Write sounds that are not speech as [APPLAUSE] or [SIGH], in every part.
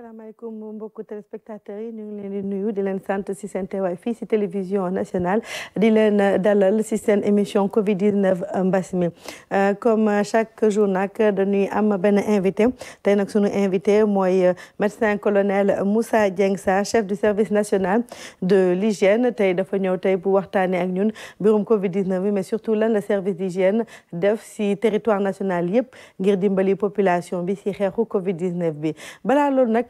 asalaamaaleykum mbokku téléspectateurs yi ñu ngi leen di nuyu di leen sant si télévision nationale di leen euh, dalal si seen émission Covid 19 euh, mbas mi euh, comme chaque jour nous avons am benn invité tey nag sunu invité moi, médecin colonel Moussa Diengsa, chef du service national de l'hygiène tey dafa ñëw tey bu waxtaanee ak ñun mbirum Covid 19 mais surtout là, le service d'hygiène def si territoire national yëpp ngir dimbali population bi si xeexu Covid 19 bi balaa loolu nag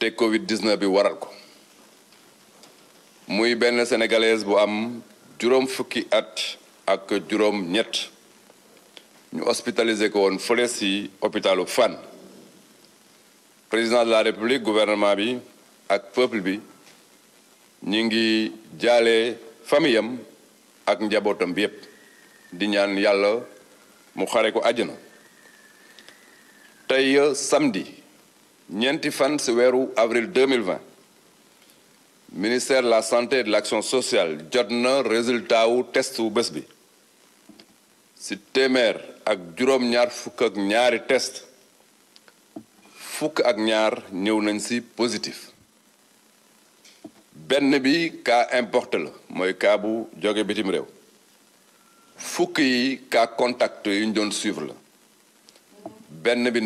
te Covid 19 bi waral ko muy benn sénégalaise bu am juróom fukki at ak juróom ñett ñu hospitalisé ko woon fële si hôpitalu Fann président de la république gouvernement bi ak peuple bi ñi ngi jaale famiyam ak njabootam bi yépp di ñaan yàlla mu xare ko àjjana tey samedi ñenti fan si avril 2020 ministère de la santé et de l'action sociale jotna le résultat wu test wu bés bi si téeméer ak juróom-ñaar fukk ak ñaari test fukk ak ñaar ñëw nañ si positif benn bi cas importé la mooy cas bu jóge bitim réew fukk yi cas contact ñu doon suivre la benn bi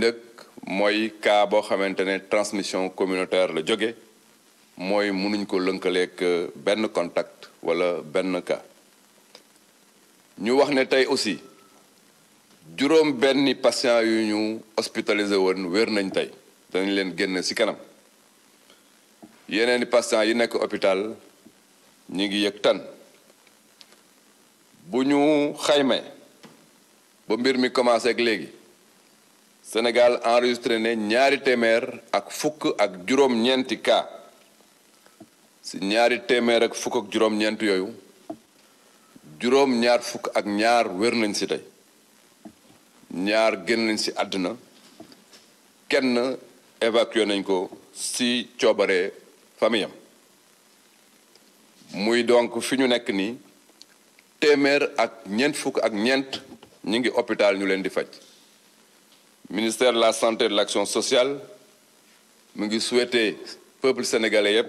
mooy kaa boo xamante ne transmission communautaire la jóge mooy mënuñ ko lënkaleek euh, benn contact wala benn ka ñu wax ne tey aussi juróom benni patient yu ñu hospitalisé woon wér nañ tey danañ leen génn ci kanam yeneeni patient yi nekk hôpital ñi ngi yëg tan bu ñu xaymee ba mbir mi commencé ak léegi Sénégal enregistré ne ñaari téeméer ak fukk ak juróom-ñeenti cas si ñaari téeméer ak fukk ak juróom-ñeent yooyu juróom-ñaar fukk ak ñaar wér nañ si tey ñaar génn nañ si àdduna kenn évacué nañ ko si coobare famiyam muy donc fi ñu nekk nii téeméer ak ñeent fukk ak ñeent ñu ngi hôpital ñu leen di faj ministère de la santé et de l'action sociale mu ngi souhaiter peuple sénégalais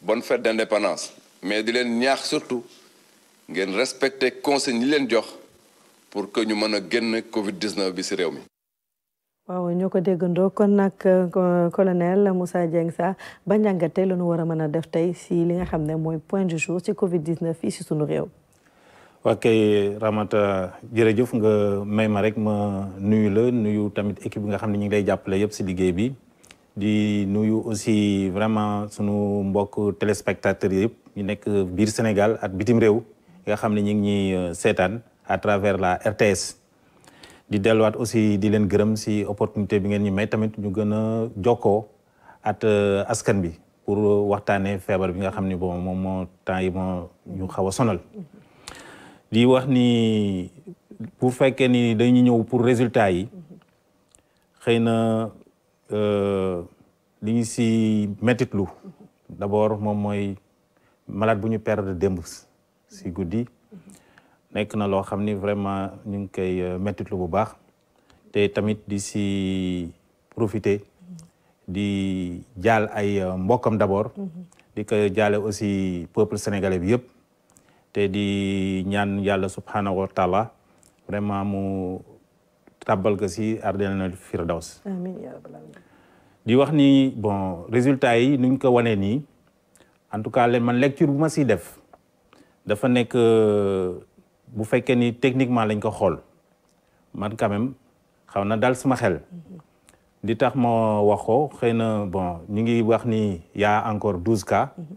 bonne fête d'indépendance mais di leen ñaax surtout de respecter conseil ñi leen jox pour que nous puissions a Covid 19 bi ci réew mi. waaw ñoo ko déggandoo colonel Moussa Diengsa Sarr ba njàngate la ñu wara mëna def tay ci li nga xamné moy point du jour ci Covid 19 ici ci sunu réew. waa Ramata jërëjëf nga may ma rek ma nuyu la nuyu tamit équipe bi nga xam ne ngi lay si liggéey bi di nuyu aussi vraiment sunu mbokk téléspectateurs yëpp ñu nekk biir Sénégal ak bitim réew nga xam ne ngi ñuy à travers la RTS di delluwaat aussi di leen gërëm si opportunité bi ngeen ñu may tamit ñu gën a at eh, askan bi pour eh, waxtaanee feebar bi nga xam bo mo mo temps yi moo ñu lii wax ni bu fekkee ni dañu ñëw pour résultat yi xëy na euh, li ñu si mettitlu d'abord moom mooy malade bu ñu perdre démb si guddi nekk na loo xam ni vraiment ñu ngi koy euh, mettitlu bu baax te tamit di si profiter di jaal ay euh, mbokkam d'abord di ko jaale aussi peuple sénégalais bi yëpp te di ñaan yàlla subhanahu wa taala mu tàbbal ko si ardenal firdaws di wax ni bon résultat yi nuñ ko wanee nii en tout cas man lecture bu ma si def dafa nekk euh, bu fekkee ni techniquement lañ ko xool man quand xaw na dal sama xel mhm. di tax ma wax ko xëy na bon ñu ngi wax ni y encore douze cas mhm.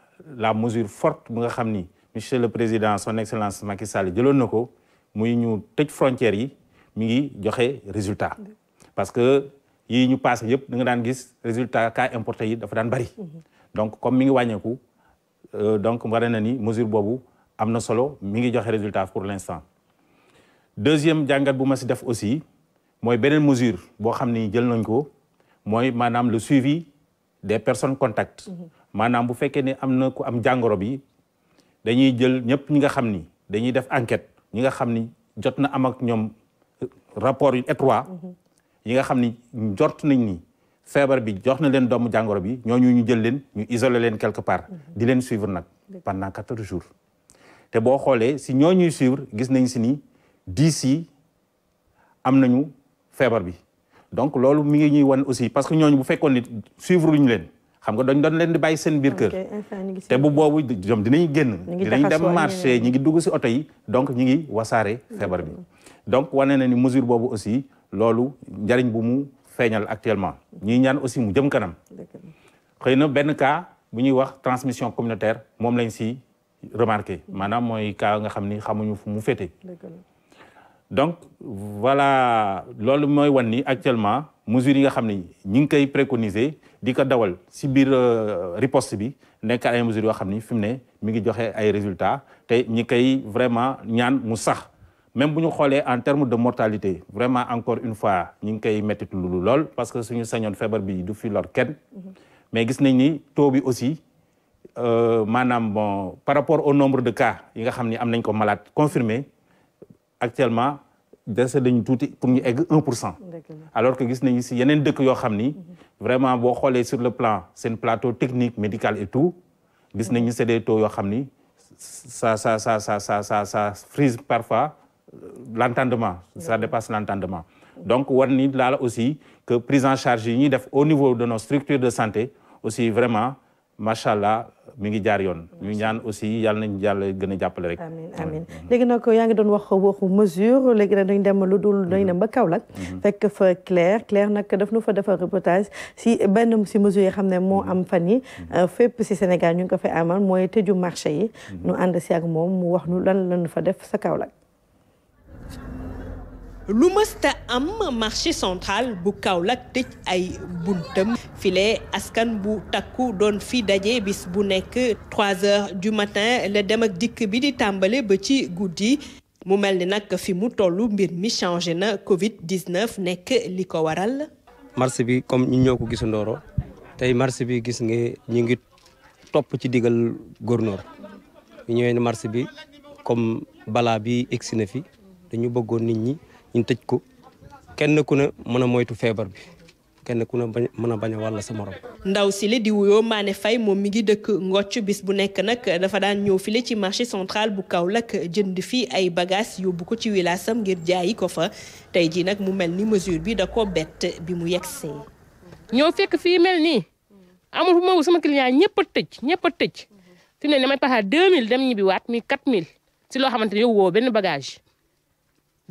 la mesure forte bu nga xam monsieur le président son excellence Macky Sall jëloon na ko muy ñu tëj frontières yi mi ngi résultats. résultat parce que yii ñu passé yëpp da nga daan gis résultat cas importé yi dafa daan bari donc comme mi ngi dit, euh, donc war na ni mesure est amna solo mi ngi joxe résultat pour l'instant deuxième jàngat bu ma ci def aussi moy benen mesure bo xamni jël nañ ko moy manam le suivi des personnes contacts maanaam bu fekkee ne am na ku am jàngoro bi dañuy jël ñëpp ñi nga xam ni dañuy def enquête ñi nga xam ni jot na am ak ñoom euh, rapport yu étroit yi mm-hmm. nga xam ni jort nañ ni feebar bi jox na leen doomu jàngoro bi ñooñu ñu jël leen ñu isolé leen quelque part mm-hmm. di leen suivre nag pendant quatorze jours te boo xoolee si ñooñuy suivre gis nañ si ni dix yi am nañu feebar bi donc loolu mu ngi ñuy wan aussi parce que ñooñu bu fekkoon ni suivre luñu leen xam nga dañ doon leen di bàyyi seen biir kër te bu boobu jom dinañ génn dinañ dem marché ñi ngi dugg si oto yi donc ñi ngi wasaare feebar bi donc wane na ni mesure boobu aussi loolu njariñ bu mu feeñal actuellement ñuy ñaan aussi mu jëm kanam xëy na benn cas bu ñuy wax transmission communautaire moom lañ si remarqué maanaam mooy cas nga xam ni xamuñu fu mu féete donc voilà loolu mooy wan ni actuellement mesure yi nga xam ni ñi ngi koy préconiser diko dawal ci bir euh, riposte bi nek ay mesure yo xamni fimne mi ngi joxe ay résultats te ñi kay vraiment ñaan mu sax même buñu xolé en terme de mortalité vraiment encore une fois ñi ngi kay metti lu lol parce que suñu sañoon fièvre bi du fi lor ken mais gis nañ ni taux bi aussi euh, manam bon par rapport au nombre de cas yi nga xamni am nañ ko malade confirmé actuellement dese lañu touti pour ñu egg un alors que gis nañ a yenen dëkk yo xamni vraiment sur le plan c'est un plateau technique médical et tout gis c'est des taux yo xamni ça ça ça ça ça ça ça frise parfois euh, l'entendement ça dépasse l'entendement donc on ni là aussi que prise en charge yi au niveau de nos structures de santé aussi vraiment machallah. mu ngi jaar yoon ñu ñaan aussi yàlla nañ yàlla gën a jàppale rek amiin amiin mhm. léegi nag yaa ngi doon wax waxu mesure léegi nag dañ dem lu dul mhm. dañ dem ba Kaolack mhm. fekk fa Claire Claire nag def nu fa defar reportage si benn si mesure yi xam ne moo am fan yi euh, fépp si Sénégal ñu ngi ko fay amal mooy tëju marché yi nu ànd si ak moom mu wax nu lan lañu fa def sa Kaolack lu mësta am marché central bu kaw Kaolack tëj ay buntam file askan bu takku doon fi daje bis bu nekk 3 heures du matin la dem ak dikk bi di tàmbale ba ci guddi mu mel ni nag fi mu toll mbir mi changé na Covid 19 nekk li ko waral. marché bi comme ñu ko gisandooro tey marché bi gis nga ñu ngi topp ci digal góornoor ñu ñëwee ne marché bi comme balaa bi egsi na fi dañu bëggoon nit ñi. ñu tëj ko kenn ku ne mën a moytu feebar bi kenn ku ne bañ mën a bañ a wàll sa morom. ndaw si la di wuyoo Mané Faye moom mi ngi dëkk Ngocc bis bu nekk nag dafa daan ñëw file ci marché central bu kaw Kaolack jënd fi ay bagages yóbbu ko ci wilaasam ngir jaayi ko fa tey jii nag mu mel ni mesure bi da ko bett bi mu yegsee. ñoo fekk fii mel nii amul fu ma sama client ñëpp a tëj ñëpp a tëj fi mu ne damay paxaat 2000 dem ñibbiwaat mi 4000 si loo xamante ne benn bagage.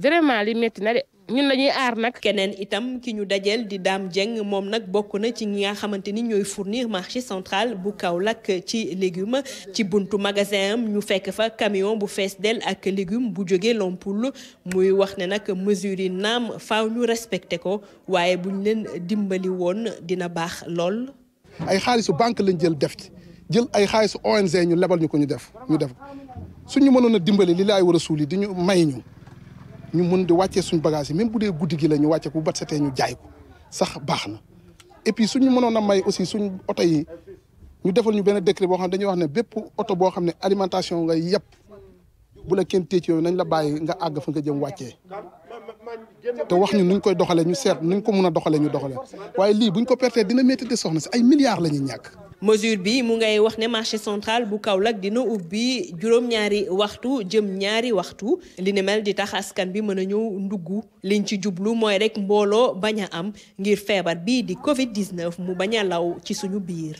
vraiment li metti na de ñun lañuy ar nak kenen itam ki ñu dajel di dam jeng mom nak bokku na ci nga xamanteni ñoy fournir marché central bu Kaolack ci légumes ci buntu magasin ñu fekk fa camion bu fess del ak légumes bu joggé Lompoul muy wax ne nak mesures nam faaw ñu respecté ko waye buñ leen dimbali woon dina bax lool. ay xaalisu banque lañ jël def ci jël ay xaalisu ONG ñu lebal ñu ko ñu def ñu def suñu mënon a dimbali li lay wara a suul yi di ñu may ñu. ñu mun di wàccee suñu bagage yi même bu dee guddi gi la ñu wàcce bu bat setee ñu jaay ko sax baax na et puis suñu mënoon a may aussi suñu oto yi ñu defal ñu benn décret boo xam ne dañuy wax ne bépp oto boo xam ne alimentation nga yëpp bu la kenn téye ci yooyu nañ la bàyyi nga àgg fa nga jëm wàccee te wax ñu nuñ koy doxalee ñu seet nuñ ko mun a doxalee ñu doxalee waaye lii buñ ko pertee dina métti de soxna si ay milliards la ñuy ñàkk mesure bi mu ngay wax ne marché central bu Kaolack dina ubbi juróom-ñaari waxtu jëm ñaari waxtu li ni di taxaskan bi mëna ñëw ndugg liñ ci jublu mooy rek mbooloo bañ a am ngir feebar bi di Covid 19 mu bañ a law ci suñu biir.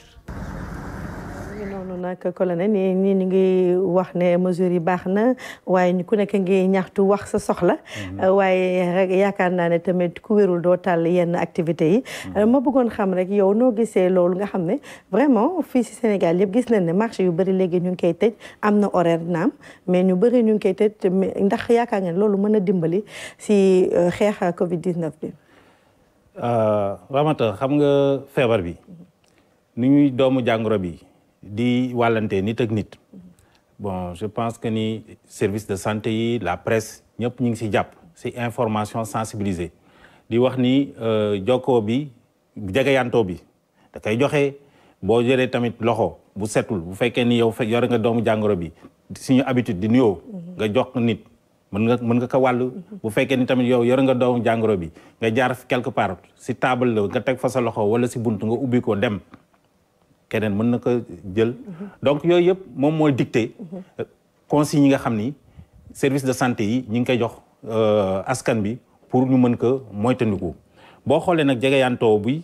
noonu nag colonel ni ñi ñu ngi wax ne mesures yi baax na waaye ku nekk ngi ñaxtu wax sa soxla mhm. euh, waaye rek yaakaar naa ne tamit ku wérul doo tal yenn activité yi mhm. euh, ma bëggoon xam rek yow noo gisee loolu nga xam ne vraiment fii si Sénégal yëpp gis nañ ne marché yu bëri léegi ñu ngi koy tëj am na horaire naam mais ñu bëri ñu ngi koy tëj ndax yaakaar ne loolu mën a dimbali si euh, xeex Covid 19 bi Ramata xam nga feebar bi ni ñuy doomu jàngoro bi di wàllante nit ak nit bon je pense que ni service de santé yi la presse ñëpp ñu ngi si jàpp si information sensibilisée di wax ni euh, jokkoo bi jegeyantoo bi da koy joxe boo jëlee tamit loxo bu setul bu fekkee ni yow yore nga doomu jàngoro bi suñu habitude di nuyoo nga jox nit mën nga mën nga ko wàllu mm-hmm. bu fekkee ni tamit yow yore nga doomu jàngoro bi nga jaar quelque part si table la nga teg fa sa loxo wala si bunt nga ubbi ko dem keneen mën na ko jël donc yooyu yëpp moom mooy dicté consignes yi nga xam ni service de santé yi ñi ngi koy jox euh, askan bi pour ñu mën ko moytandiku boo xoolee nag jegeyantoo bi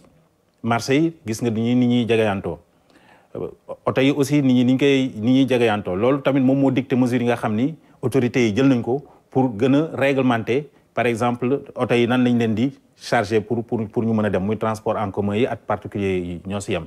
marché yi gis nga ni nit ñuy jegeyantoo euh, oto yi aussi nit ñi ni ñu koy ni ñuy jegeyantoo loolu tamit moom moo dicté mesures yi nga xam ni autorités yi jël nañ ko pour gën a réglementer par exemple oto yi nan lañ leen di charger pour pour pour ñu mën a dem muy transport en commun yi ak particulier yi ñoo si yem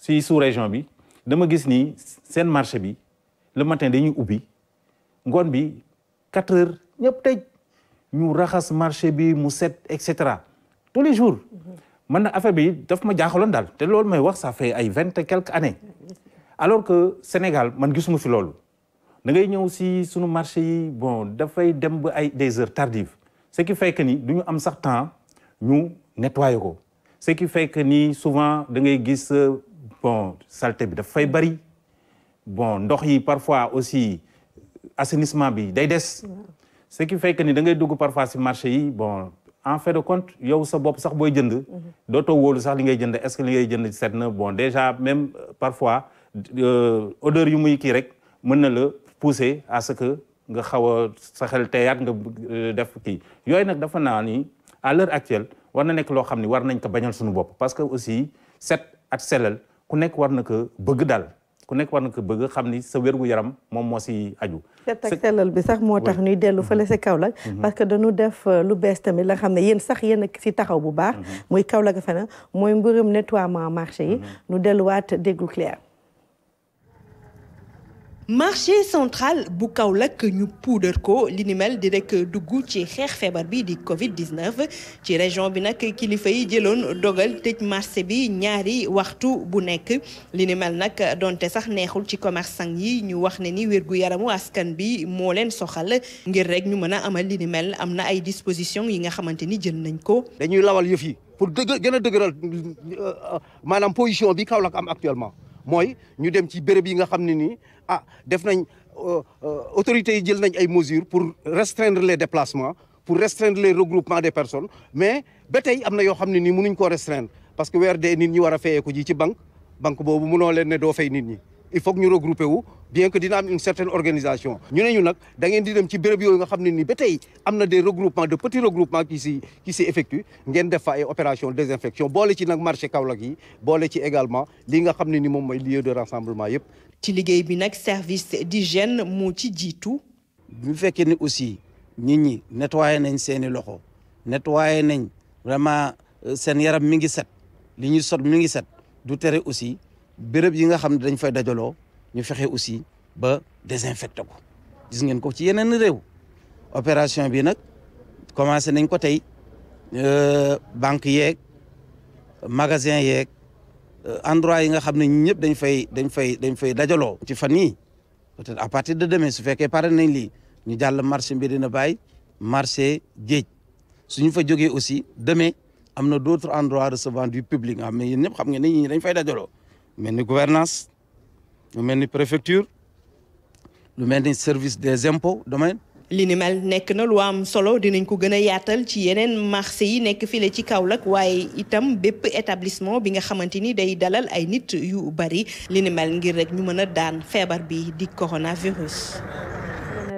si sous région bi dama gis ni seen marché bi le matin dañuy ubbi ngoon bi quatre heures ñëpp tëj ñu raxas marché bi mu set et cetera tous les jours mhm. man na affaire bi daf ma jaaxaloon daal te loolu may wax ça fait ay vingt et quelques années alors que Sénégal man gisuma fi loolu da ngay ñëw si sunu marché yi bon dafay dem ba ay des heures tardives ce qui fait que ni du ñu am sax temps ñu nettoyer ko ce qui fait que ni souvent da ngay gis euh, bon saleté bi daf fay bari bon ndox yi parfois aussi assainissement bi day des ce qui fait que ni da ngay dugg parfois si marché yi bon en fait de compte yow sa bopp sax booy jënd dootoo wóolu sax li ngay jënd est-ce li ngay jënd set bon déjà même euh, parfois euh, odeur yu muy kii rek mën na la pousser à ce que nga xaw sa xel teeyaat nga euh, def kii yooyu nag dafa naa ni à l'heure actuelle war na nekk loo xam ni war nañ ko bañal suñu bopp parce que aussi set at selal ku nekk war na ko bëgg dal ku nekk war na ko bëgg xam ni sa wér-gu-yaram moom moo si aju set ak sellal bi sax moo tax ñuy dellu fële mhm. sa Kaolack mhm. parce que dañu def euh, lu bees tamit la xam ne yéen sax yéen si taxaw bu baax mhm. muy Kaolack fena mooy mbirum nettoiement marché yi nu delluwaat déglu clair marché central Boukaoulak Kaolack ñu puudar ko li dire mel di rek dugg ci xex febar bi di Covid 19 ci région bi nak kilifa yi jëlone dogal tëj marché bi ñaari waxtu bu nekk li ni mel nak donte sax neexul ci commerçant yi ñu wax ne ni wérgu yaramu askan bi mo len soxal ngir rek ñu mëna amal ay dispositions yi nga xamanteni jël nañ ko. dañuy lawal yëf yi pour gëna dëgëral euh, manam position bi Kaolack am actuellement moy ñu dem ci béréb yi nga xamni ni ah def nañ euh, euh, autorités yi jël nañ ay mesures pour restreindre les déplacements pour restreindre les regroupements des personnes mais ba tey am na yoo xam ne mënuñ restreindre parce que weer dee nit ñi war a ji ci banque banque boobu mënoo leen ne doo fay nit ñi il faut que ñu regrouper wu bien que dina am une certaine organisation ñu ne ñu nag da ngeen di dem ci béréb yooyu nga xamni ni ba amna des regroupements de petits regroupements qui si qui s'y effectuent ngeen def fa ay opération désinfection bolé ci nak marché Kaolack yi bolé ci également li nga xamni ni mom moy lieu de rassemblement yépp ci liggéey bi nak service d'hygiène moo ci jiitu bu fekkee ni aussi nit ñi nettoyer nañ seeni loxo nettoyer nañ vraiment euh, seen yaram mi ngi set li ñuy sot mi ngi set du téré aussi béréb yi nga xamni dañ fay dajalo ñu fexe aussi ba désinfecté ko gis ngeen ko ci yeneen réew opération bi nag commencé nañ ko tey euh, banque yeeg magasin yeeg euh, endroit yi nga xam ne ñëpp dañ fay dañ fay dañ fay dajaloo ci fan yii peut-être à partir de demain su fekkee pare nañ li ñu jàll marché Médina Baye marché géej suñu fa jógee aussi demain am na d' autres endroits recevant du public nga xam ne yéen xam ngeen ne ñi dañ fay dajaloo me ni gouvernance lu mel ni préfecture lu mel ni service des impôts domaine. li ni mel nekk na lu am solo dinañ ko gën a yaatal ci yeneen marché yi nekk file ci Kaolack waaye itam bépp établissement bi nga xamante ni day dalal ay nit yu bari li ni mel ngir rek ñu mën a daan feebar bi di coronavirus.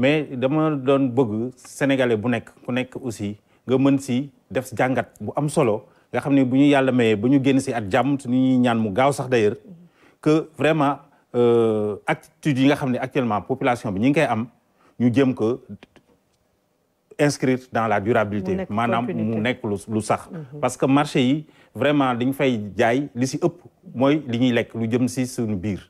mais dama doon bëgg sénégalais bu nek ku nek aussi nga mën si def jangat bu am solo nga xamné buñu yalla mayé buñu mayee génn si at jàmm ni ñuy ñaan mu gaaw sax d'ailleurs que vraiment euh attitude yi nga xamné actuellement population bi ñi ngi koy am ñu jëm ko inscrire dans la durabilité manam mu nek lu lu sax mhm. parce que marché yi vraiment dañ fay jaay li ci ëpp moy li ñuy lekk lu jëm ci suñu bir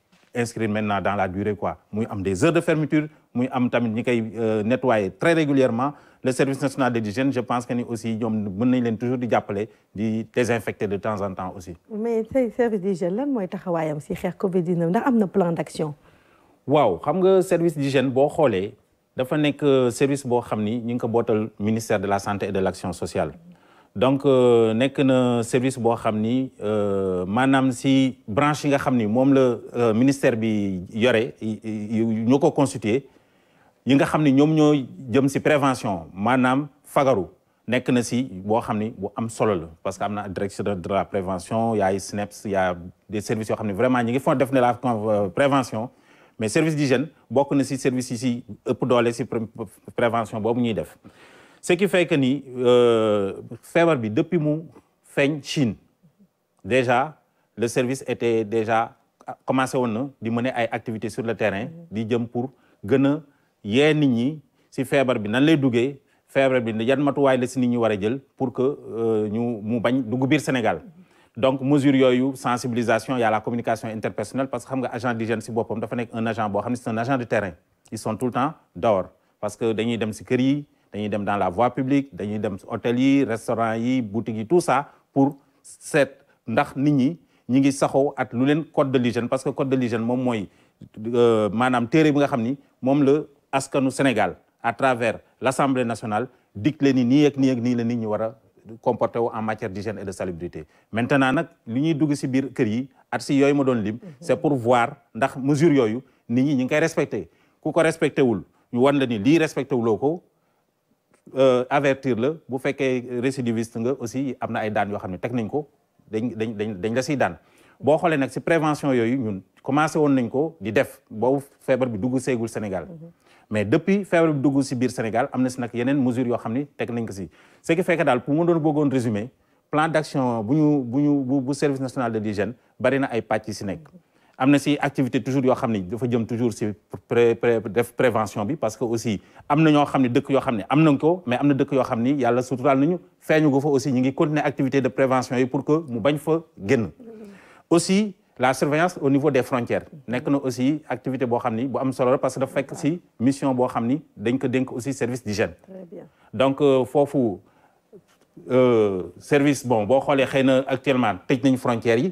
inscrire maintenant dans la durée quoi Nous am des heures de fermeture Nous avons tamit ñi euh, nettoyer très régulièrement le service national d'hygiène, je pense que ni aussi toujours di jàppale di désinfecter de temps en temps aussi. mais le service d'hygiène lan mooy taxawaayam si la Covid 19 ndax am plan d'action. Wow, le service d'hygiène c'est xoolee dafa euh, service boo xam le ministère de la santé et de l'action sociale donc euh, nek na service bo xamni Manam euh, maanaam si branche yi nga xamni mom le la euh, ministère bi yoré ñoko consulter yi nga xamni ni ñoy jëm ci prévention Manam fagaru nek na si bo xamni bu am solo la parce que amna direction de la prévention y a snaps, il e y a des services yo xamni vraiment ñi ngi fon def la prévention mais service d'hygiène bokk na si service ici ëpp doole ci prévention boobu ñuy def ce qui fait que ni euh, feebar bi depuis mon fin Chine déjà le service était déjà ah, commencé on di mener ay activités sur le terrain di jëm pour gëna a nit ñi si feebar bi nan lay duggé feebar bi yan matuwaay la si nit ñi wara jël pour que euh, ñu mu bañ dugg biir Sénégal donc mesure yoyu sensibilisation y a la communication interpersonnelle parce que xam nga agent d'hygiène si boppam dafa nek un agent bo xamni c'est un agent de terrain ils sont tout le temps dehors parce que dañuy dem ci kër yi dañuy dem dans la voie publique dañuy dem hôtel yi restaurant yi boutiques yi tout ça pour que ndax nit ñi ñi ngi saxoo at lu leen code de l'hygiène parce que code de l'hygiène moom mooy euh, maanaam téere bi nga xam ni moom askanu Sénégal à travers l'Assemblée nationale nous leen ni nii ak nii ak nii la nit ñi war a en matière d'hygiène et de salubrité maintenant nag li ñuy dugg si biir kër yi at si yooyu ma doon mhm. c'est pour voir ndax mesure yooyu nit ñi ñi ngi koy respecté ku ko respecté wul ñu wan la ni lii respecté wuloo ko euh, avertir le bu fekkee récidiviste nga aussi amna ay daan yo xamni ne nañ ko dañ dañ dañ la siy daan bo xolé nak ci prévention yooyu ñun commencé woon nañ ko di def bo feebar bi dugg ségul Sénégal mhm. mais depuis feebar bi dugg ci bir Sénégal amna na si nag yeneen mesures yoo xam nañ ko ci ce qui fait que dal pour mo doon bëggoon résumer plan d'action buñu buñu bu service national de l'hygiène bari na ay pàcc si nekk amna ci activité toujours yo xam dafa jëm toujours ci pré prévention bi parce que aussi amna ño ñoo xam ne dëkk yoo ko mais amna na dëkk yoo xam ni yàlla nañu feeñu go fa aussi ñi ngi continuer activité de prévention yi pour que mu bañ fa génn aussi la surveillance au niveau des frontières nek na aussi activité bo xam bu am solo parce que dafa fekk ci mission bo xam dañ ko dénk aussi service d'hygiène donc euh, euh service bon bo xolé xëy actuellement tej nañ frontières yi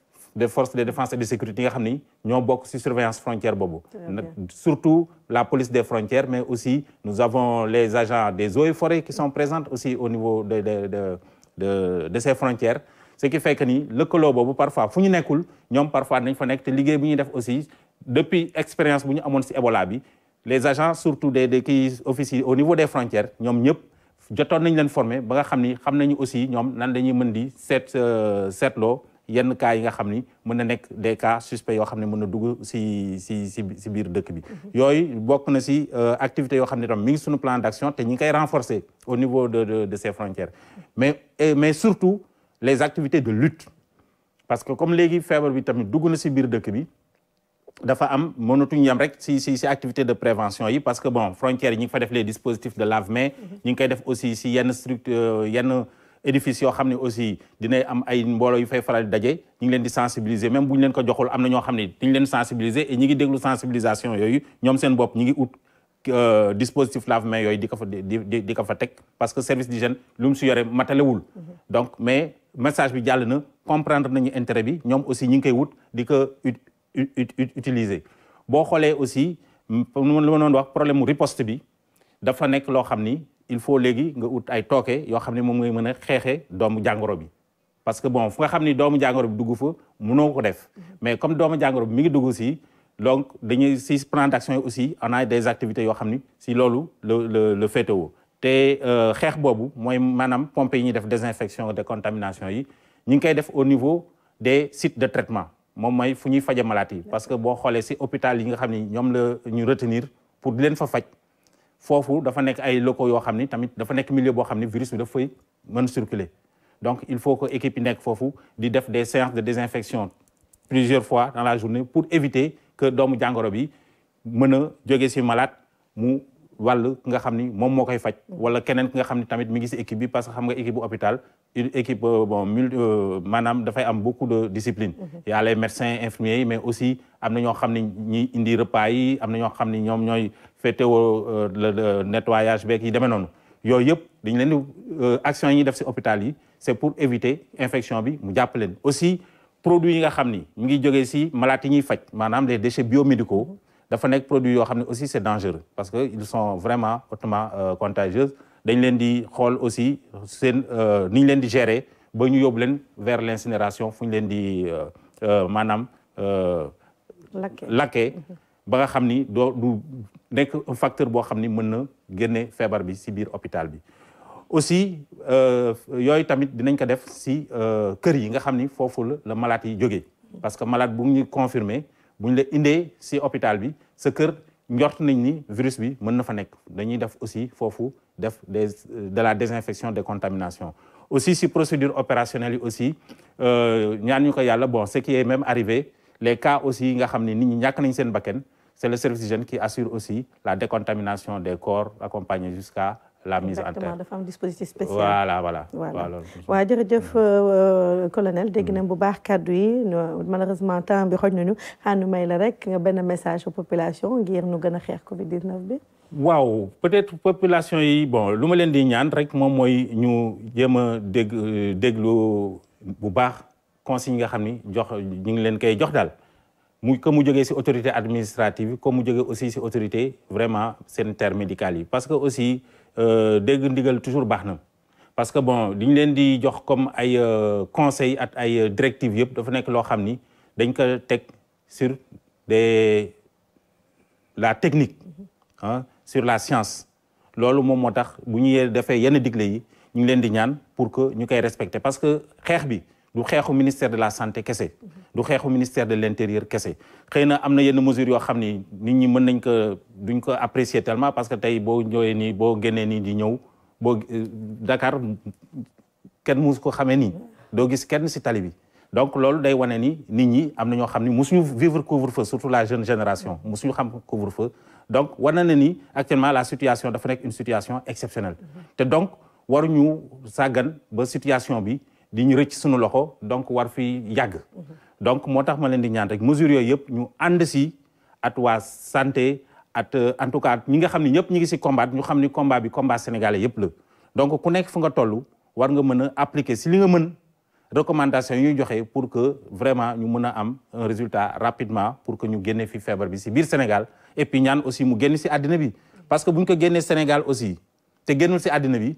des forces de défense et de sécurité yi nga beaucoup de surveillance frontière bobo. surtout la police des frontières mais aussi nous avons les agents des eaux et forêts qui sont présents aussi au niveau de de de ces frontières ce qui fait que ni le boobu parfois fu ñu nekkul parfois nous fa des te aussi depuis expérience bu ñu ci les agents surtout des des qui officient au niveau des frontières nous ont jotoon nous leen former ba nga aussi nous nan dañuy mën di cette euh, loi, yenn cas yi nga xam ni mën na nekk des cas suspects yoo xam ne mën na dugg si si si si biir dëkk bi. Mhm. yooyu bokk na si euh, activités yoo xam ne tam mi ngi sunu plan d'action te ñi ngi koy renforcer au niveau de de de ces frontières. mais mais surtout les activités de lutte parce que comme léegi feebar bi tamit dugg na si biir dëkk bi. dafa am mënatuñ yam rek si si si activité de prévention yi parce que bon frontières yi ñu ngi fa def les dispositifs de lave mais mhm. ñu ngi koy def aussi si yenn structure euh, yenn édifice yo xam ne aussi dinay am ay mbolo yu fay faral dajé daje ngi leen di sensibiliser même buñ leen ko joxul amna ño ñoo xam ne leen sensibiliser et ñi ngi déglu sensibilisation yooyu ñom seen bop ñi ngi ut euh, dispositif lave main yooyu di ko fa di ko fa tek parce que service d'hygiène lum su yoré matalé wul mm-hmm. donc mais message bi jall na comprendre nañu intérêt bi ñom aussi ñi ngi koy wut di ko utiliser bo xolé aussi lu ma doon wax problème mu riposte bi dafa nek lo xam il faut légui nga out ay tooke yo xam mom moy ngay mën a xeexee doomu bi parce que bon fu nga xam ni doomu jàngoro bi dugg fa mënoo ko def mais comme doomu jangoro bi mi ngi dugg si donc dañuy si plan d'action aussi on a des activités yo xam ni si loolu le le la féetewoo té euh, xeex bobu moy manam pompe yi ñi def désinfection contamination yi ñi ngi koy def au niveau des sites de traitement mom mooy fu ñuy faje malade yi parce que bo xolé si hôpital yi nga xam ñom la ñu retenir pour di len fa faj il dafa nek ay locaux yo xamni ni tamit dafa nek milieu bo xamni virus bi daf fay circuler donc il faut que équipe nek Fofu di def des séances de désinfection plusieurs fois dans la journée pour éviter que dom jangoro bi meuna a ci malade mu wàll nga xamni mom mo koy faj wala keneen nga xamni tamit mi ngi ci équipe bi parce que xam nga équipe hôpital une équipe euh, bon euh, manam da fay am beaucoup de discipline mhm. y a les médecins infirmiers mais aussi amna na ñoo xam ñi indi repas yi amna na ñoo xam ni ñoom ñooy euh, le nettoyage beeg yi demee non yoy yëpp diñ leen di action yi ñuy def si hôpital yi c'est pour éviter infection bi mu japp leen aussi produit yi nga xamni mi ngi jogé ci maladies yi ñuy faj maanaam les déchets biomédicaux dafa nek produit yo xam aussi c'est dangereux parce que ils sont vraiment hautement euh, contagieux dañ leen di xol aussi sen euh, ni ñu leen di gérer ba ñu yóbbu leen vers l'incinération fuñ ñu leen di euh, maanaam lakkee mhm. ba nga xamni do du un facteur bo xamni ni mën na génne feebar bi ci biir hôpital bi aussi yoy tamit dinañ ko def ci kër yi nga xamni ni le malade yi jógee parce que malade bu ñu confirmer buñ la indé ci hôpital bi ce cœur ñort nañ ni virus bi mën na fa nek dañuy def aussi fofu def des de la désinfection des contaminations aussi ci procédure opérationnelle aussi euh ñaan ñu ko yàlla bon ce qui est même arrivé les cas aussi nga xamni nit ñi ñak nañ seen bakkan c'est le service d'hygiène qui assure aussi la décontamination des corps accompagné jusqu'à la mise en terre de am dispositif spécial. voilà voilà voilà. waaw jërëjëf euh, euh, colonel dégg nañ bu baax kàddu yi malheureusement temps bi xoj nañu xaanu may la rek un message aux populations ngir nu gën a la Covid 19 Wow, peut-être population yi bon lu ma leen di ñaan rek moom mooy ñu jéem a dégg euh, déglu bu baax consignes nga xam jox ñing leen kay jox dal mu que mu joggé ci autorité administrative comme mu joggé aussi ci autorité vraiment seen terre médicale yi parce que aussi. Euh, dégg ndigal toujours baax na parce que bon li ñu leen di jox comme ay euh, conseils at ay euh, directives yëpp dafa nekk loo xam ni dañ ko teg sur des la technique mhm. hein, sur la science loolu moom moo tax bu ñu defee yenn digle yi ñu ngi leen di ñaan pour que ñu koy respecter parce que xeex bi du xeexu ministère de la santé kese du xeexu ministère de l' intérieur kese xëy na am na yenn mesures yoo xam ni nit ñi mën nañ ko duñ ko apprécier tellement parce que tey boo ñëwee nii boo génnee ni di ñëw boo euh, Dakar kenn mus ko xamee nii doo gis kenn si tali bi donc loolu day wane ni nit ñi am na ñoo xam vivre couvre-feu surtout la jeune génération musuñu xam couvre-feu donc war na ni actuellement la situation dafa nekk une situation exceptionnelle te donc waruñu sàggan ba situation bi di ñu rëcc suñu loxo donc war fi yàgg donc moo tax ma leen di ñaan rek mesures yooyu yëpp ñu ànd si at santé at en tout cas ñi nga xam ñi ngi combat ñu xam combat bi combat sénégalais yep le donc ku nekk fu nga toll war nga mën a appliquer si li nga mën recommandation yi joxe pour que vraiment ñu mën am un résultat rapidement pour que ñu génne fi feebar bi si bir Sénégal et puis ñaan aussi mu génn si àddina bi parce que Senegal ñu ko génnee Sénégal aussi te génnul si àddina bi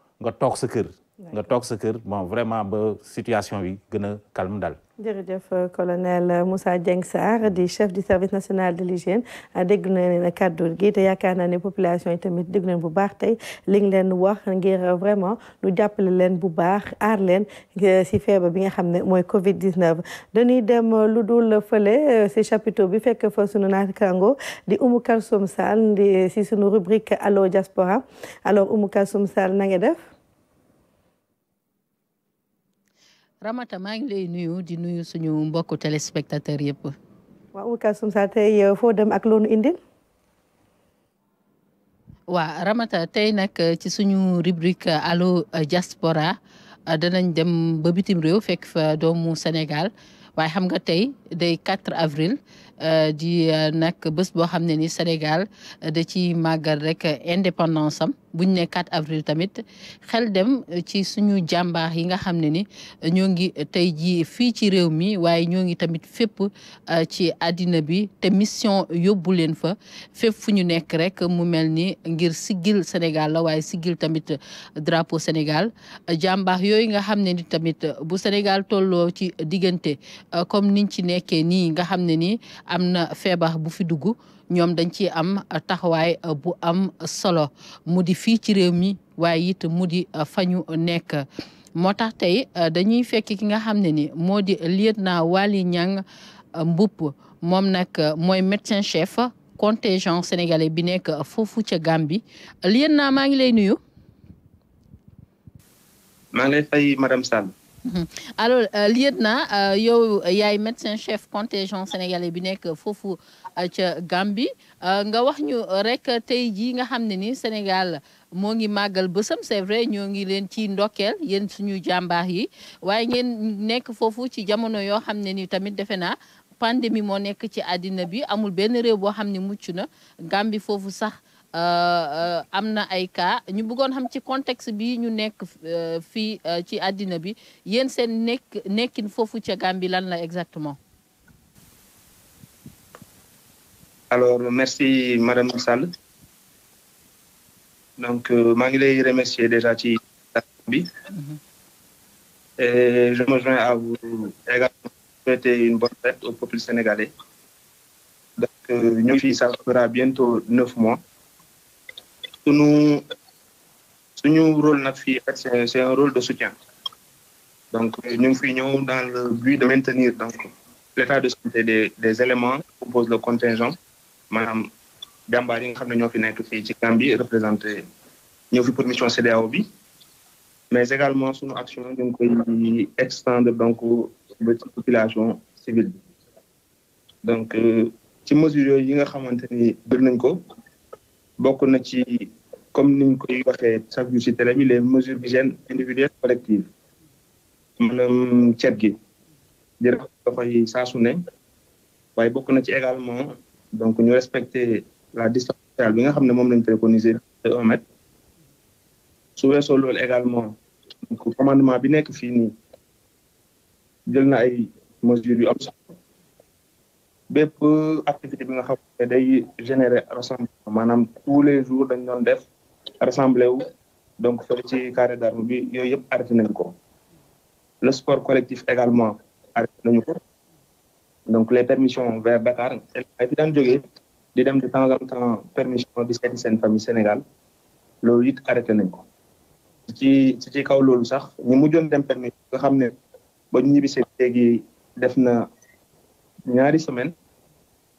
nga toog sa kër. nga toog sa kër bon vraiment ba situation bi gën a calme daal. jërëjëf euh, colonel euh, Moussa Dieng Sarr di chef du service national de l'hygiène euh, dégg na leen kàddu gi te yaakaar naa ne population yi tamit dégg nañ bu baax tey li nga leen wax ngir vraiment ñu jàppale leen bu baax aar leen si feebar bi nga xam ne mooy Covid 19. dañuy dem lu dul fële si chapiteau bi fekk fa sunu naataango di Oumou Kalsoum Sall di si sunu rubrique allo diaspora alors Oumou Kalsoum Sall na nga def. Ramata maa ngi lay nuyu di nuyu suñu mbokku téléspectateur yëpp. waaw Oumou Kalsoum Sarr tey euh, foo dem ak loonu indi waa Ramata tey nag euh, ci suñu rubrique euh, allo jaspora danañ dem ba bitim réew fekk fa doomu Sénégal. waaye xam nga tey day 4 avril di nag bés boo xam ne ni Sénégal da ci màggal rek indépendance am buñ ne 4 avril tamit xel dem ci suñu jàmbaax yi nga xam ne ni ñoo ngi tey jii fii ci réew mi waaye ñoo ngi tamit fépp euh, ci àddina bi te mission yóbbu leen fa fépp fu ñu nekk rek mu mel ni ngir siggil Sénégal la waaye siggil tamit drapeau Sénégal jàmbaax yooyu nga xam ne ni tamit bu Sénégal tolloo ci diggante euh, comme niñ ci nekkee nii nga xam ne ni am na feebar bu fi dugg ñoom dañ ci am taxawaay euh, bu am solo mu di fii ci réew mi waaye it mu di euh, fañu nekk moo tax tey euh, dañuy fekk ki nga xam ne ni moo di liet lieutenant Waly Niang Mboup moom nag mooy médecin chef contingent sénégalais bi nekk foofu ca Gambie lieutenant maa ngi lay nuyu. maa ngi lay fay madame Mhm. alors euh, lieutenant euh, yow yaay médecin chef contingent sénégalais bi nekk foofu euh, ca Gambie nga wax ñu rek tey jii nga xam ne ni Sénégal moo ngi màggal bësam c'est vrai ñoo ngi leen ci ndokkeel yéen suñu jàmbaar yi waaye ngeen nekk foofu ci jamono yoo xam ne ni tamit defe naa pandémie moo nekk ci àddina bi amul benn réew boo xam ne mucc na Gambie foofu sax. Euh, euh, Amna Aïka ay ka ñu bëggoon xam ci contexte bi ñu nekk euh, fii ci àddina bi yéen seen nekk nekkin foofu ca Gambie lan la exactement. alors merci madame Sall donc maa ngi lay remercier déjà ci bi mhm. et je me joins à vous également souhaiter une bonne fête au peuple sénégalais donc ñu ngi ça fera bientôt 9 mois sunu suñu rôle nag c'est un rôle de soutien donc nous finissons dans le but de maintenir donc l'état de santé des des éléments propose le contingent Madame jàmbaar nous nga xam ne ñoo fi nekk fii ci Gambie représenté fi pour mission mais également nous action ñu nous koy extendre donc la population civile donc euh, ci mesures yooyu yi nga xamante nañ bokk ci comme niñ koy waxee chaque jour ci télé bi les mesures d'hygiène individuelles collectives maanaam cet gi di raxas loxo yi saa su ne waaye bokk na ci également donc ñu respecter la distance sociale bi nga xam ne moom lañ préconiser de un mètre su weesoo loolu également donc commandement bi nekk fii nii jël na ay mesures yu am solo bépp activité bi nga xam ne day générer rassemblement maanaam tous les jours dañ doon def rassemblé wu donc fële ci carré d'armes bi yooyu yëpp arrêté nañu ko le sport collectif également arrêté nañu ko donc les permissions vers Dakar ay fi daan jógee di dem de temps en temps permission di seeti seen famille Sénégal loolu it arrêté nañ ko ci ci kaw loolu sax ñu mujjoon dem permission nga xam ne ba ñu ñibbisee léegi def na ñaari semaine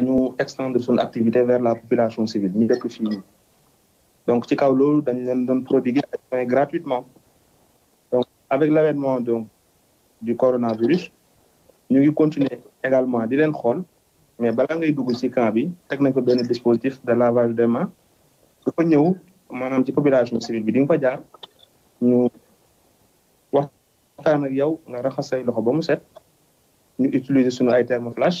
nous extendre son activité vers la population civile ñi dëkk fii donc ci kaw loolu dañ leen doon prodiguer gratuitement donc avec l'avènement donc du coronavirus ñu ngi continuer également di leen xool mais bala ngay dugg ci camp bi teg nañ ko benn dispositif de lavage des mains su ko ñëw maanaam ci population civile bi di nga fa jaar ñu waxtaan ak yow nga raxas loxo ba mu set ñu utiliser suñu ay thermoflash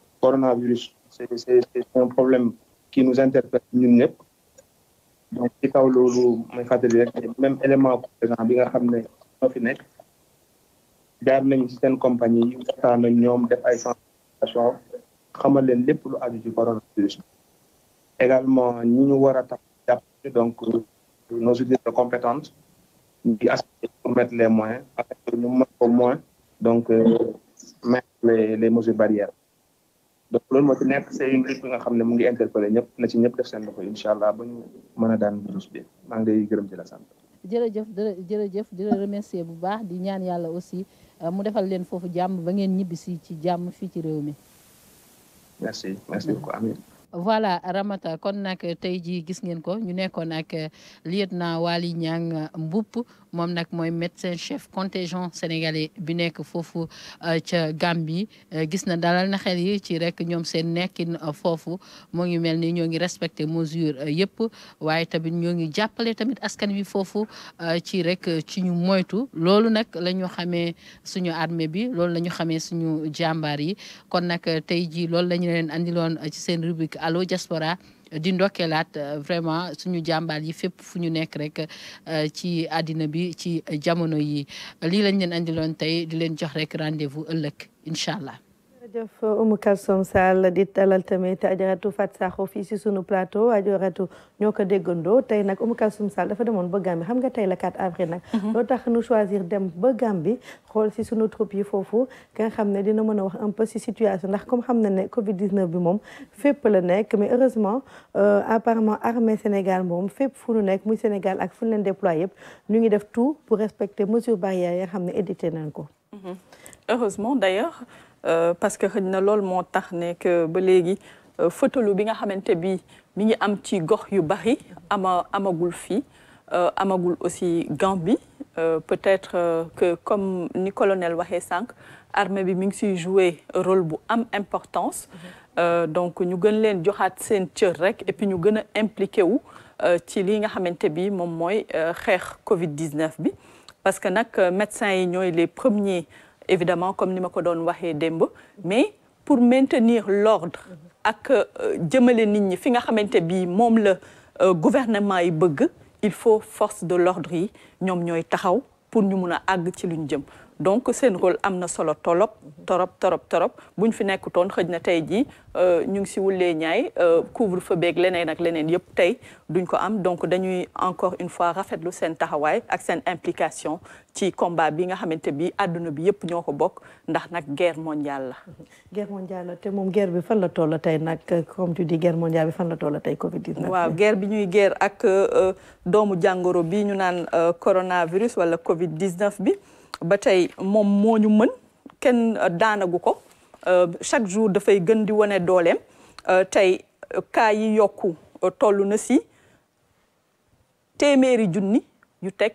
coronavirus c'est un problème qui nous interpelle ñun ñëpp donc ci kaw loolu may fàttali rek même élément présent bi nga xam ne ñoo fi nekk jaar nañ ci seen compagnie yi waxtaan nañ ñoom def ay sensibilisation xamal leen lépp lu aju ci coronavirus également ñi ñu war a tax donc nos unités compétentes di assister pour mettre les moyens afin que ñu mën ko moins donc euh, mettre les les mesures barrières donc loolu nekk c' est xam ne mu ngi interpellé ñëpp na ci ñëpp def seen loxo incha allah ba ñu mën a daan virus bi maa ngi lay gërëm di la sant. jërëjëf jërëjëf di la bu baax di ñaan yàlla aussi euh, mu defal leen foofu jàmm ba ngeen ñibbisi ci jàmm fii ci réew mi. merci merci voilà Ramata kon nag tey jii gis ngeen ko ñu nekkoon na euh, lieutenant Waly Niang mbub moom nag mooy médecin chef contingent sénégalais bi nekk foofu euh, ca Gambie euh, gis na dalal na xel yi ci rek ñoom seen nekkin euh, foofu moo ngi mel ni ñoo ngi respecté mesure yëpp waaye tamit ñoo ngi jàppale tamit askan wi foofu ci rek ci ñu moytu loolu nag la ñu xamee suñu armée bi loolu lañu xamee suñu jàmbaar yi kon nag tey jii loolu la ñu leen andiloon ci seen rubrique allo diaspora di ndokkeelaat euh, vraiment suñu jàmbaar yi fépp fu ñu nekk rek euh, ci àddina bi ci jamono yi lii lañ leen andiloon tey di leen jox rek rendez-vous ëllëg incha allah. jërëjëf Oumou Kalsoum Sall di dalal tamit ajaratu Fat Saxo fii si sunu plateau ajaratu ñoo ko déggandoo tey nag Oumou Kalsoum Sall dafa demoon ba Gambie xam nga tey la 4 avril nag mhm. loo tax nu choisir dem ba Gambie xool si sunu troupe yi foofu nga xam ne dina mën a wax un peu si situation ndax comme xam na ne Covid 19 bi moom fépp la nekk mais heureusement euh, apparemment armée Sénégal moom fépp fu nu nekk muy Sénégal ak fu nu leen déployé yëpp ñu ngi def tout pour respecter mesure barrière yi nga xam ne édité nañ ko mhm. heureusement d'ailleurs euh, parce que na loolu mo tax que ba euh, photo fëtalu bi nga xamanté bi mi ngi am ci gox yu bari ama amagul fii euh, amagul aussi Gambie peut-être que comme ni colonel waxee sank armée bi mi ngi jouer rôle bu am importance donc ñu gën leen joxat seen rek et puis ñu gëna impliquer impliqué wu ci li nga xamanté bi mom moy xex Covid 19 bi parce que nak médecins yi les premiers évidemment comme ni ma ko doon waxee mais pour maintenir l'ordre ak euh, jëmale nit ñi fi nga xamante bi moom la euh, gouvernement yi bëgg il faut force de l'ordre ni ñoom ñooy taxaw pour ñu mun a ci jëm donc seen rôle amna solo tolop torop torop torop Buñ fi nekkutoon xëj na tey euh ñu ngi si wulee ñaay euh, couvre feu beeg leneen ak leneen yëpp tay duñ ko am donc dañuy encore une fois rafetlu sen taxaway ak sen implication ci combat bi nga xamanté bi aduna bi yëpp ñoko bok ndax nak guerre mondiale la. guerre mondiale la te moom guerre bi fan la toll tay nak comme tu dis guerre mondiale bi fan la toll tay Covid 19. waaw guerre bi ñuy guerre ak euh, doomu jangoro bi ñu naan euh, coronavirus wala Covid 19 bi. ba tey moom moo ñu mën kenn euh, daanagu ko euh, chaque jour dafay gën di wane dooleem euh, tey cas yi yokku tollu na si téeméeri junni yu teg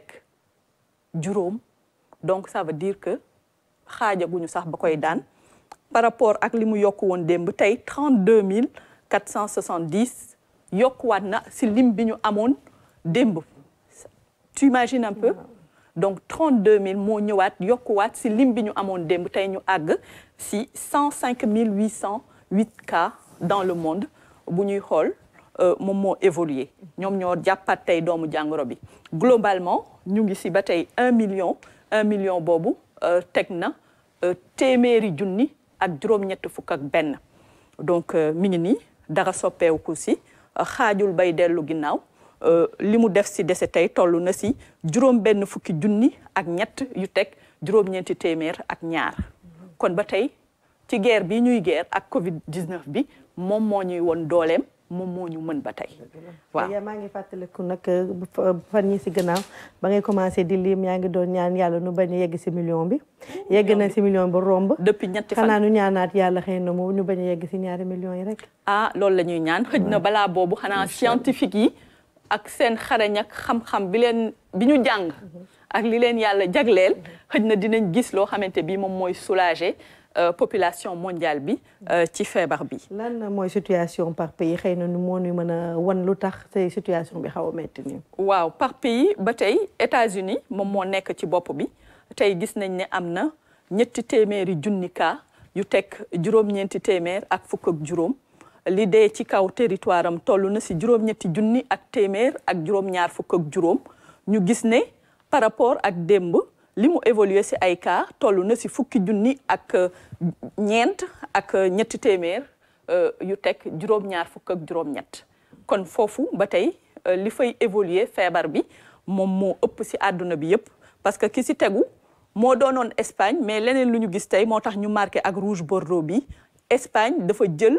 juróom donc ça veut dire que xaajaguñu sax ba koy daan par rapport ak li mu yokku woon démb tey 32 mille 470 yokkuwaat na si lim bi ñu amoon démb tu imagines un peu donc 32 000 moo ñëwaat si lim ñu amoon si 105 808 cas dans le monde bu ñuy xool euh, mon évoluer. évolué nyom nyor jàppaat doomu globalement nous ngi si 1 million 1 million boobu euh, tekna, na euh, téeméeri junni ak juróom-ñett fukk ak donc minini ngi nii dara soppeeku si bay Euh, li mu def si dese tey toll na si juróom benn fukki junni ak ñett yu teg juróom-ñeenti téeméer ak ñaar kon ba tey ci guerre bi ñuy guerre ak Covid 19 bi moom moo ñuy woon dooleem. moom moo ñu mën ba tey. waa yaa maa ngi fàttaliku nag euh, fan ñi si gannaaw ba ngay commencé di lim yaa ngi doon ñaan yàlla nu bañ yegg si million bi. yegg na si million ba romb. depuis ñetti fan xanaa nu ñaanaat yàlla xëy na mu ñu bañ yegg si ñaari million yi rek. ah loolu la ñuy ñaan xëj na balaa boobu xanaa yi. ak seen xarañ ak xam-xam bi leen bi ñu jàng ak li leen yàlla jagleel xëj na dinañ gis loo xamante bi moom mooy soulager euh, population mondiale bi euh, ci feebar bi. lan mooy situation par pays xëy na nu moo ñu mën a wan lu tax tey situation bi xaw a metti nii. waaw par pays ba tey États-Unis moom moo nekk ci bopp bi tey gis nañ ne am na ñetti téeméeri junni cas yu teg juróom-ñeenti téeméer ak fukk ak juróom l'idée ci kaw territoire am toll na si juróom-ñetti djunni ak témèr ak djuroom ñaar fuk ak djuroom ñu gis né par rapport ak demb limu évoluer ci ay cas toll na si fukki djunni ak euh, ñent ak euh, ñetti témèr euh yu tek djuroom ñaar fuk ak djuroom ñett kon fofu batay euh, li fay évoluer feebar bi mom mo upp ci aduna bi yépp parce que ki si tegu mo doonoon Espagne mais leneen lu ñu gis tay motax ñu marqué ak rouge bordeaux bi Espagne dafa jël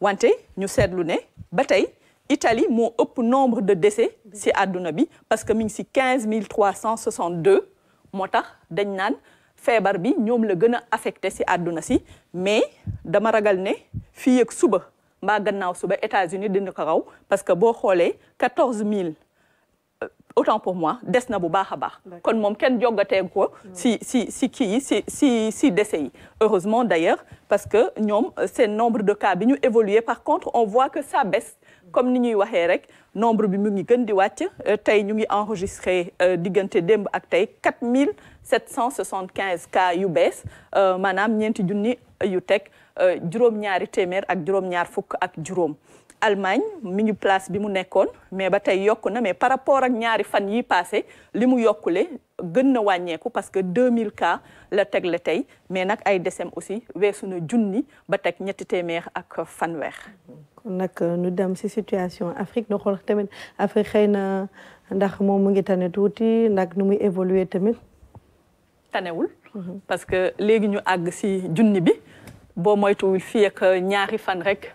wante nous sommes là, l'Italie a Italie moo nombre de décès si àdduna bi parce que nous avons si 15 362 morts tax dañ naan feebar bi ñoom la affecté si àdduna si mais dama ragal ne fii suba États-Unis parce que boo 14 000 autant pour moi des na bu baakha a baax kon mom ken jogate ko mm. si si si ki si si si décès heureusement d'ailleurs parce que ñom ces euh, nombre de cas bi ñu évolué par contre on voit que ça baisse mm. comme ni ñuy waxé rek nombre bi mu ngi gën di wacc euh, tay ñu ngi enregistré euh, diggante demb ak tay 4775 cas yu bees manam ñeenti junni yu tek juroom ñaari témèr ak juroom ñaar fukk ak juroom Allemagne mi ngi place bi mu nekkone mais batay yokuna mais par rapport ak ñaari fan yi passé limu yokulé yokkule gën na parce que 2000 cas la teg la mais nak ay desem aussi weesu na junni ba teg ñetti téeméer ak fanwer. kon nag euh, ñu dem ci situation Afrique ñu xool tamit Afrique xëy na ndax moom mu ngi tane touti ndax nu muy évoluer tamit. tanewul. Mhm. parce que légui ñu ag ci junni bi boo moytuwul fi ak ñaari fan rek.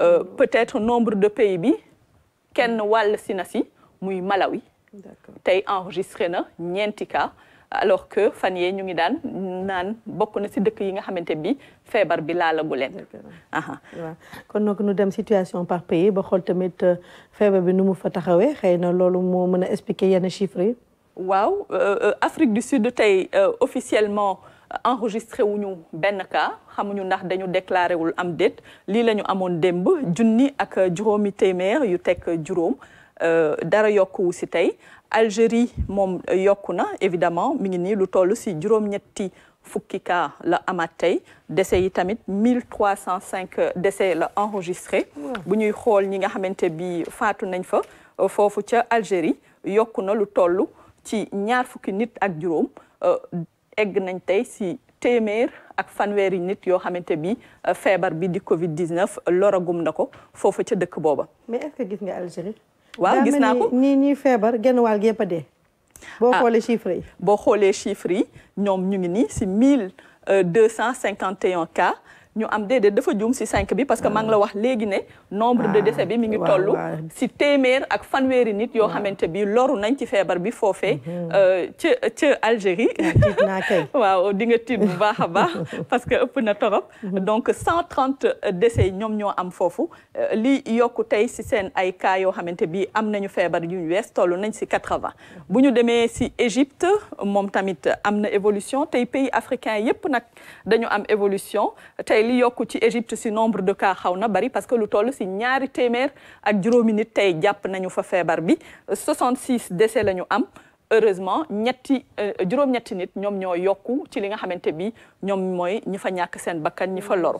Euh, peut-être nombre de pays bi Sinasi, wal sinasi muy Malawi. enregistré na nientika, alors que fanyé ñu ngi daan naan bokku na ci dëkk yi nga xamanté bi fièvre bi la leen. waaw kon nag nu dem situation par pays ba xol tamit euh, fièvre bi nu mu fa taxawé xeyna na mo moo expliquer yene chiffres waaw euh, Afrique du Sud tay officiellement enregistré wu ñu benn cas xamuñu ndax dañu déclaré wul am dette li lañu amone demb jouni junni ak juróomi témèr yu teg euh dara yokkuwu ci tay Algérie mom yokuna évidemment mi ngi ni lu toll si juróom-ñetti fukki cas la amaat tey décès yi tamit 1305 décès la enregistré bu ñuy xool ñi nga xamanté bi faatu nañ fa euh, fofu ci Algérie yokuna lu toll ci ñaar fukki nit ak euh egg nañ tey si téeméer ak fanweeri nit yoo xamante bi euh, feebar bi di Covid 19 loragum na ko foofu ca dëkk booba. mais est que gis nga Algérie. waaw gis naa ko ñi ñi feebar genn wàll gépp a dee. boo ah. xoolee chiffres yi. boo xoolee chiffres yi ñoom ñu ngi nii si mille euh, deux cent cinquante et un cas ñu am déedéet dafa juum si cinq bi parce que ah. maa ngi la wax léegi ne. nombre de décès bi mi ngi tollu ci téeméer ak fanweeri nit yo xamanté bi lorou nañ ci feebar bi mhm. euh ci ci Algérie ah, [LAUGHS] waaw di nga tit bu baaxa baax [LAUGHS] parce que ëpp na torop mhm. donc 130 euh, décès ñom ñoo am fofu euh, li yokku tay ci sen ay cas yo xamanté bi am nañu feebar yu ñu wees nañ si 80 buñu démé ci Égypte mom tamit amna évolution tay pays africain yépp nak dañu am évolution tay li yokku ci Égypte ci nombre de cas xawna bari parce que lu toll si ñaari téeméer ak juroomi nit tay japp nañu fa feebar bi 66 décès lañu am heureusement ñetti euh, juroom ñetti nit ñom ñoo yokku ci li nga xamanté bi ñom moy ñi fa ñàkk seen bakkan ñi fa loru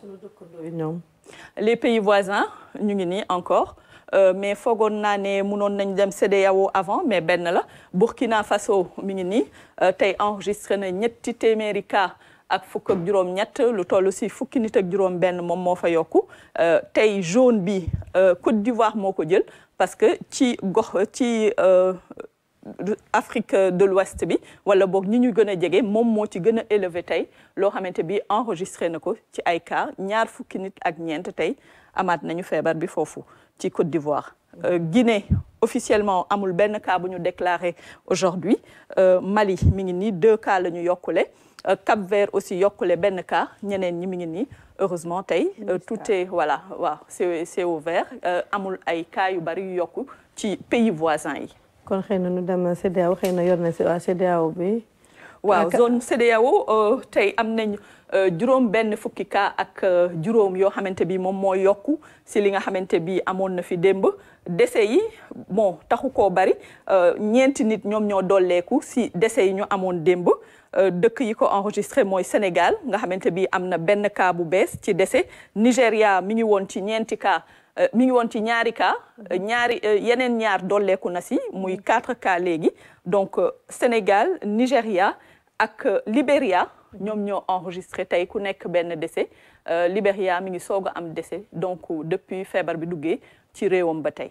les pays voisins ñu ngi ni encore euh, mais fogon naa ne mënoon nañ dem CDAO avant mais ben la Burkina Faso mi ngi nii euh, tay enregistré na ñetti téeméeri cas ak fukk ak ñett lu tollu si fukki ak benn moom fa yokku euh, tey jaune bi euh, Côte d'Ivoire parce que ci gox ci euh, Afrique de l'Ouest bi wala ñi ci tey enregistré ci ay cas ñaar ak amaat nañu bi Côte d'Ivoire. Guinée officiellement amul déclaré aujourd'hui Mali mi ngi deux cas la ñu euh, Cap Vert aussi yokkule les cas ñeneen ñi mi ngi heureusement tay, euh, tout est voilà waaw c'est c'est ouvert euh, amul ay cas yu bari yu yokku ci pays voisins kon xëy nous nu CDAO, CEDEAO xëy na yor na si bi Wa, zone CDAO, tay, am nañ ben benn fukki ak juróom yo xamante bi mom mo yokku si li nga xamante bi amoon fi démb décès bon taxu bari ñeenti nit ñoom ñoo dolleeku si décès yi ñu amoon deuk yi ko enregistré mooy Sénégal nga xamanté bi amna na benn cas bu bees ci décès nigeria mi ngi won ci ñenti cas euh, mi ngi won ci ñaari cas euh, ñaari euh, yenen ñaar dolleeku na si muy 4 cas légui donc Sénégal nigeria ak liberia ñom ñoo enregistré tay ku nek benn décès liberia mi ngi sogo am décès donc depuis février bi duggé ci réewam ba tay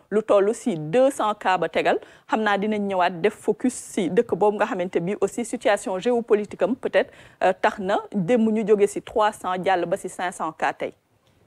lu toll si 200 cas ba tegal xamna dinañ ñëwaat def focus si dëkk boobu nga bi aussi situation géopolitique peut-être euh, tax na démb ñu si 300 jàll ba si 500 cas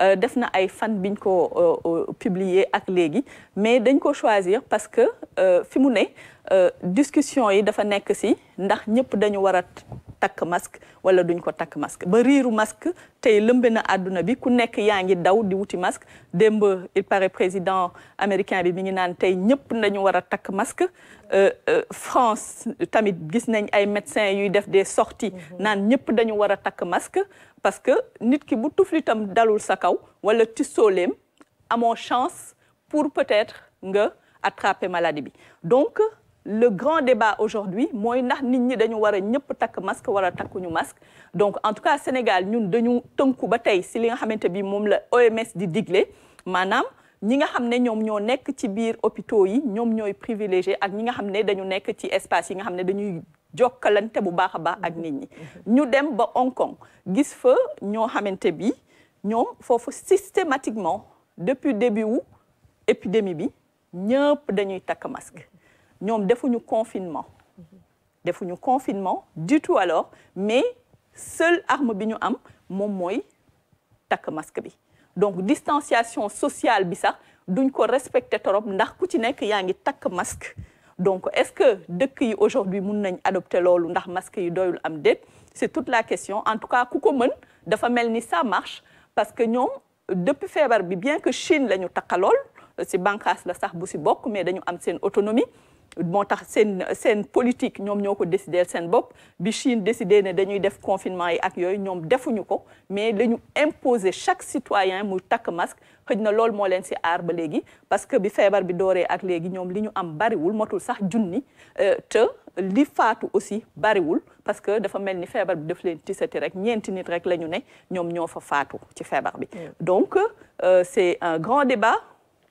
Euh, def na ay fan biñ ko euh, euh, publier ak légui mais dañ ko choisir parce que fi mu ne discussion yi dafa nek si ndax ñëpp dañu wara tak masque wala duñ ko tak masque ba riru masque tay lembena aduna bi ku nek yaangi daw di wuti masque démb il paraît président américain bi mi ngi nan tay ñepp nañu wara tak masque euh, euh, France tamit gis nañ ay médecins yu def des sorties mhm. nan ñepp dañu wara tak masque parce que nit ki bu tam dalul sa kaw wala à mon chance pour peut-être nga attraper maladie bi donc le grand débat aujourd'hui mooy ndax nit ñi dañu war a pour takk masque wala takkuñu masque donc en tout cas au Sénégal ñun dañu tënku ba tey si li nga xamante bi moom la OMS di digle manam, ñi nga hamne n'yom n'yom ñoo nekk ci biir hôpitaux yi ñoom ñooy privilégié ak ñi nga hamne ne dañu nekk ci espace yi nga hamne ne dañuy jokkalante bu baax ba ak nit ñi ñu dem ba Hong Kong gis fa ñoo xamanté bi ñom fofu systématiquement depuis début wu épidémie bi ñepp dañuy tak masque ñom defuñu confinement defuñu confinement du tout alors mais seule arme biñu am mom moy tak masque bi donc distanciation sociale bi sax duñ ko respecter torop ndax ku ci nek yaangi tak masque donc est-ce que depuis yi aujourd'hui nous nañ adopter lolu ndax masque yi doyul am déet c'est toute la question en tout cas ku ko mën dafa melni ça marche parce que ñom depuis février, bi bien que Chine lañu ñu takkalool c'est bànqaas la sax bu ci bokk mais dañu am une autonomie moo tax sen sen politique ñom ñoko décider sen bop bi Chine décidé ne dañuy def confinement yi ak yoy ñom defuñu ko mais dañu imposer chaque citoyen mu tak masque xëj na l'ol moo leen si aar ba légui parce que bi fièvre bi dooree ak légui ñom liñu ñu am bariwul motul sax junni euh, te li faatu aussi bariwul parce que dafa melni fièvre feebar bi daf leen tisati rek ñent nit rek lañu ñu ne ñoom ñoo fa faatu ci fièvre bi mm. donc euh, c'est un grand débat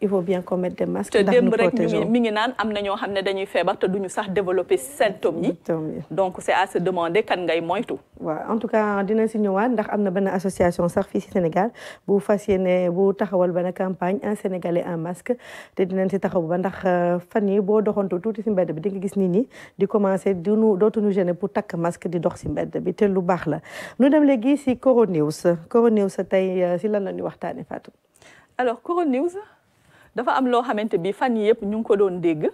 il faut bien qu'on mette des masques. te démb rek mi ngi am na ñoo xam dañuy feebar te duñu sax développer symptômes yi. donc c'est à se demander kan ngay moytu. Wa en tout cas dina ci ñëwaat ndax amna ben association sax fi ci Sénégal bu fas bu taxawal ben campagne un Sénégalais en masque te dinañ ci taxaw ba ndax euh, fan yi boo doxantu tuuti si mbedd bi di nga gis nit ñi di commencer du nu dootuñu gêner pour tak masque di dox ci mbedd bi te lu bax la nu dem légui ci Coro News Coro News tey euh, si lan la ñuy waxtaanee Fatou. alors Coro News dafa am loo xamante bi fan yi yëpp ñu ngi ko doon dégg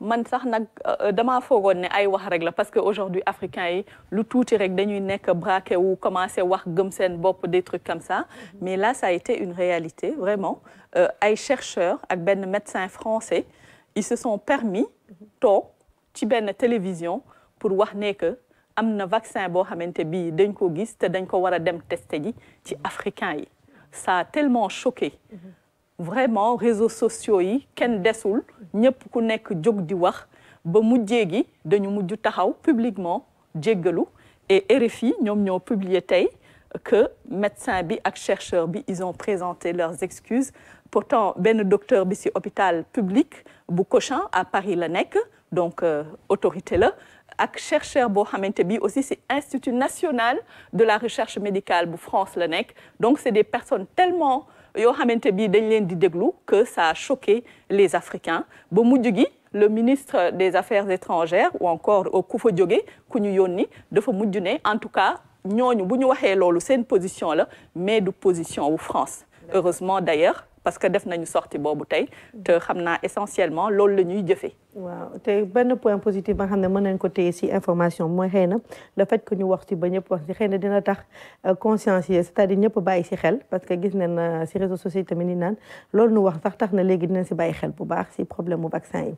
man sax nag euh, dama foogoon ne ay wax rek la parce que aujourd'hui africain yi lu tuuti rek dañuy nekk braqué wu commencé wax gëm seen bopp des trucs comme ça mm-hmm. mais là ça a été une réalité vraiment euh, ay chercheurs ak benn médecin français ils se sont permis mm-hmm. toog ci benn télévision pour wax ne que am na vaccin boo xamante bi dañ ko gis te dañ ko war a dem testé ji ci mm-hmm. africain yi ça a tellement choqué vraiment réseaux sociaux yi ken dessoul ñepp ku nekk jóg di wax ba mujjee gi dañu taxaw publiquement jéggalu et RFI ñom ñoo publier tay que médecin bi ak chercheur bi ils ont présenté leurs excuses pourtant le docteur bi ci hôpital public bu Cochin à Paris la donc euh, autorité la ak chercheur de xamanté bi aussi c'est institut national de la recherche médicale bu France la donc c'est des personnes tellement xamante que ça a choqué les Africains le ministre des affaires étrangères ou encore le ministre de en tout cas position mais position France heureusement d'ailleurs parce que nous nañu sorti de la bouteille, nous essentiellement le waaw te benn point positif ba nga xam ne mën ko téye si information moy xëy le fait que ñu wax ci ba ñëpp wax ci xëy dina tax euh, conscience c'est-à-dire ñëpp bay ci xel parce que gis nañ euh, ci réseaux sociaux tamit ni nan loolu ñu wax sax tax na léegi dinañ si bàyyi xel bu baax ci problème mu vaccin yi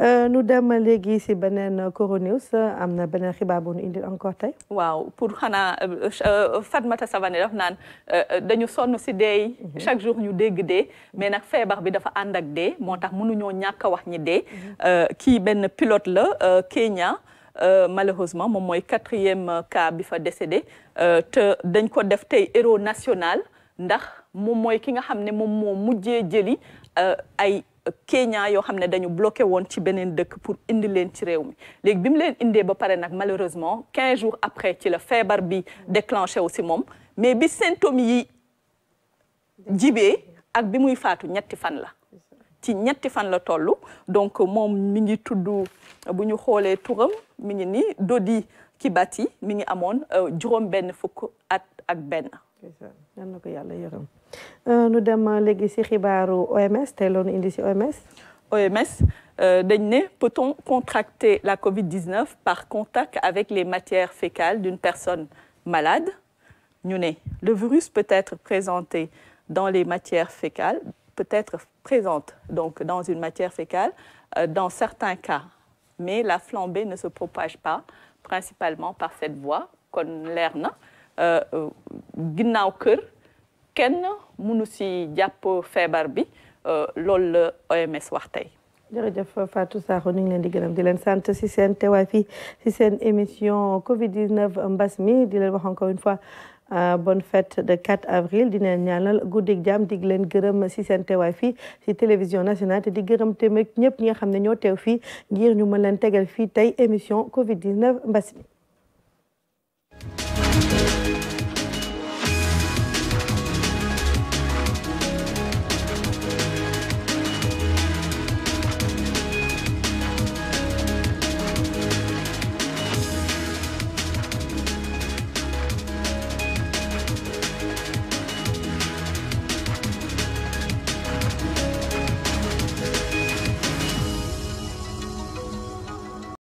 euh nu dem légui ci benen euh, coronavirus amna benen beneen xibaar bu ñu indil encore tay waaw pour xana Fatmata Savane daf nan dañu sonn ci dee mhm. chaque jour ñu dégg dé mais nak febar bi dafa ànd ak dee moo tax mënuñoo ñàkk wax ñi dee mhm kii ben pilote la euh, Kenya euh, malheureusement moom mooy quatrième cas bi fa décédé euh, te dañ ko def tay héros national ndax moom mooy ki nga xamné ne mo mujjé mujjee jëli ay Kenya yo xamné dañu bloqué won ci benen dëkk pour indi len ci réew mi léegi bi mu leen indee ba paré nak malheureusement 15 jours après ci la fièvre bi déclenché aussi mom mais bi symptômes yi jibee ak bi muy faatu ñetti fan la ci ñetti fan la donc mon mi ngi tuddu buñu xolé touram mi ni Dodi Kibati mi ngi amone euh, juróom ben fuk at ak ben nan na ko yàlla yërëm euh, nu dem ci xibaaru OMS lon indi OMS OMS euh, peut-on contracter la Covid-19 par contact avec les matières fécales d'une personne malade le virus peut être présenté dans les matières fécales peut être présente donc, dans une matière fécale euh, dans certains cas, mais la flambée ne se propage pas principalement par cette voie kon leer na euh, ginnaaw kër kenn mënu si jàpp feebar bi euh, loolu la OMS wax tey jërëjëf Fatou Sakho ñu ngi leen di gërëm di leen sant si seen teewaay fii si seen émission Covid 19 mbas mi di leen wax encore une fois Euh, bon fête de 4 avril di leen ñaanal guddik jàmm di leen gërëm si seen teewaay fii si télévision nationale te di gërëm tamit ñëpp ñi nga xam ne ñoo teew fii ngir ñu mën leen tegal fii tey émission Covid 19